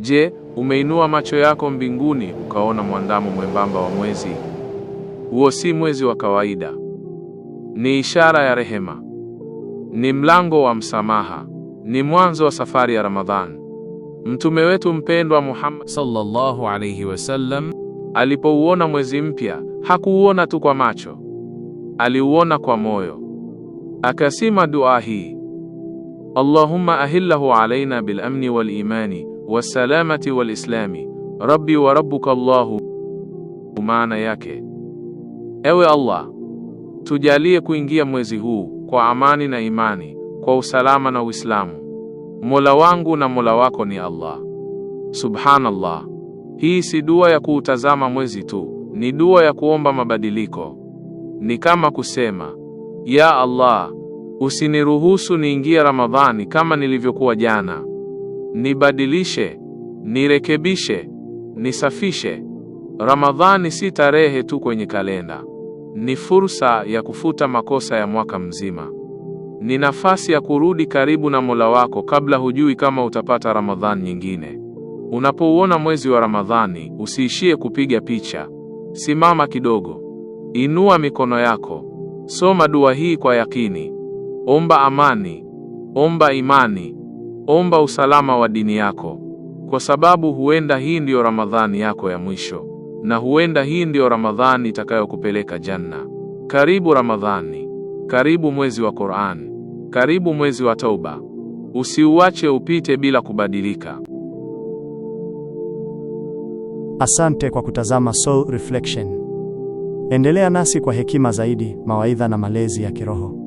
Je, umeinua macho yako mbinguni ukaona mwandamo mwembamba wa mwezi? Huo si mwezi wa kawaida. Ni ishara ya rehema, ni mlango wa msamaha, ni mwanzo wa safari ya Ramadhan. Mtume wetu mpendwa Muhammad sallallahu alayhi wasallam alipouona mwezi mpya, hakuuona tu kwa macho, aliuona kwa moyo, akasema dua hii: Allahumma ahillahu alaina bil amni wal imani wasalamati walislami. Rabbi wa rabbuka Allahu, maana yake ewe Allah, tujalie kuingia mwezi huu kwa amani na imani, kwa usalama na Uislamu. Mola wangu na Mola wako ni Allah. Subhanallah, hii si dua ya kuutazama mwezi tu, ni dua ya kuomba mabadiliko. Ni kama kusema ya Allah, usiniruhusu niingie Ramadhani kama nilivyokuwa jana nibadilishe, nirekebishe, nisafishe. Ramadhani si tarehe tu kwenye kalenda, ni fursa ya kufuta makosa ya mwaka mzima. Ni nafasi ya kurudi karibu na Mola wako kabla hujui kama utapata Ramadhani nyingine. Unapouona mwezi wa Ramadhani, usiishie kupiga picha. Simama kidogo, inua mikono yako, soma dua hii kwa yakini, omba amani, omba imani. Omba usalama wa dini yako, kwa sababu huenda hii ndiyo Ramadhani yako ya mwisho, na huenda hii ndiyo Ramadhani itakayokupeleka janna. Karibu Ramadhani, karibu mwezi wa Qur'an, karibu mwezi wa tauba. Usiuache upite bila kubadilika. Asante kwa kutazama Soul Reflection. Endelea nasi kwa hekima zaidi, mawaidha na malezi ya kiroho.